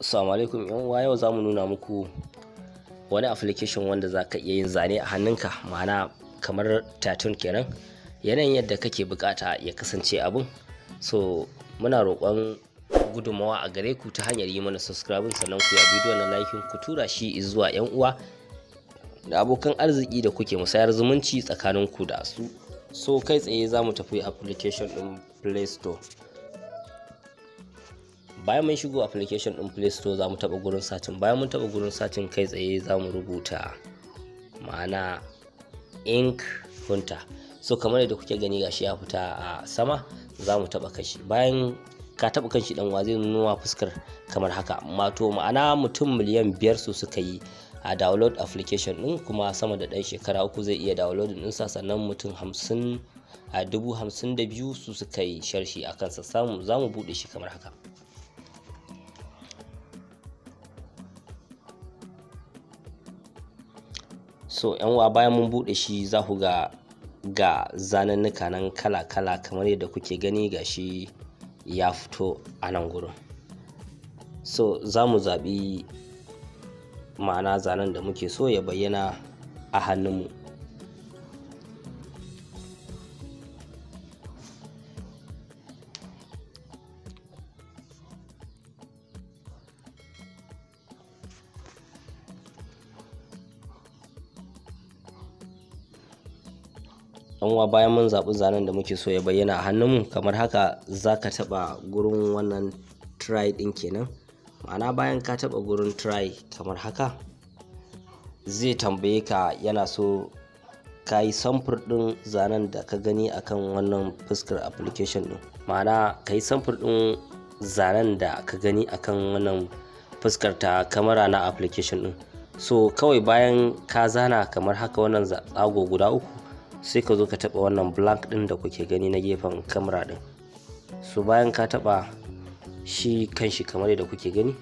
Assalamu alaikum yan uwa yau zamu nuna muku wani application wanda za ka iya yin zane a hannunka ma'ana kamar tattoo kenan yanayin yadda kake bukata ya kasance abun so muna roƙon gudunmawa a gare ku ta hanyar yi mana subscribe sannan ku ya bidiyo na like ku tura shi zuwa yan uwa da abokan arziki da kuke musayar zumunci tsakanin ku da su so kai tsaye zamu tafi application din Play Store bayan mun shigo application din play store za mu taɓa gurin satin bayan mun taɓa gurin satin kai tsaye zamu rubuta ma'ana ink funta so kamar yadda kuke gani gashi ya fita a sama zamu mu taɓa kashi bayan ka taɓa kanshi dan wa zai nuna fuskar kamar haka mato ma'ana mutum miliyan biyar su suka yi a download application din kuma sama da ɗan shekara uku zai iya download sa sannan mutum hamsin a dubu hamsin da biyu su suka yi sharshi a kansa samu za mu buɗe shi kamar haka so yan uwa bayan mun bude shi za ku ga ga zanannuka nan kala-kala kamar yadda kuke gani ga shi ya fito a nan gurin so za mu zaɓi ma'ana zanen da muke so ya bayyana a hannunmu dan uwa bayan mun zaɓi zanen da muke so ya bayyana a hannunmu kamar haka za ka taɓa gurin wannan try ɗin kenan ma'ana bayan ka taɓa gurin try kamar haka zai tambaye ka yana so ka yi samfur ɗin zanen da ka gani akan wannan fuskar application ɗin ma'ana ka yi samfur zanen da ka gani akan wannan fuskar ta kamera na application ɗin so kawai bayan ka zana kamar haka wannan tsago guda uku sai ka zo ka taba wannan blank din da kuke gani na gefen kamera din so bayan ka taba shi kanshi kamar yadda kuke gani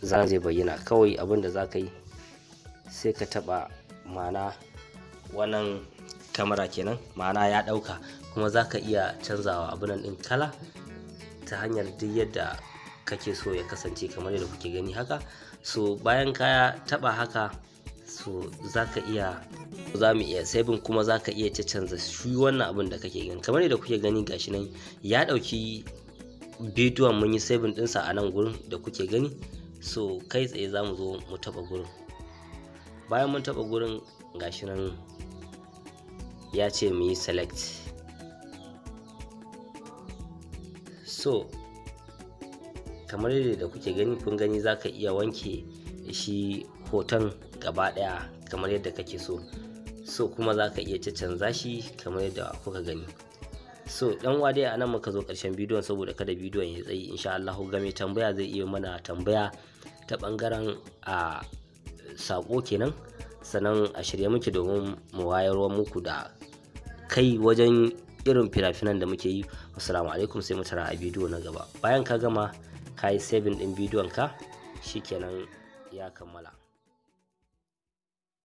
zan zai bayyana kawai abin da za ka yi sai ka taba ma'ana wannan kamera kenan ma'ana ya dauka kuma za ka iya canzawa abin din kala ta hanyar duk yadda kake so ya kasance kamar yadda kuke gani haka so bayan ka taba haka so za ka iya za mu iya saibin kuma za ka iya canza shi wannan abin da kake gani kamar yadda kuke gani gashi nan ya ɗauki bidiyon mun yi saibin ɗinsa a nan gurin da kuke gani so kai tsaye za mu zo mu taɓa gurin bayan mun taɓa gurin gashi nan ya ce mu yi select so kamar yadda kuke gani kun gani za ka iya wanke shi hoton gaba ɗaya kamar yadda kake so so kuma za ka iya canza shi kamar yadda kuka gani so dan wa dai anan muka zo karshen bidiyon saboda kada bidiyon ya tsayi insha Allah ga mai tambaya zai iya mana tambaya ta bangaren a sako kenan sannan a shirye muke domin mu wayarwa muku da kai wajen irin fina da muke yi assalamu alaikum sai mutara a bidiyo na gaba bayan ka gama ka yi saving din bidiyon ka shikenan ya kammala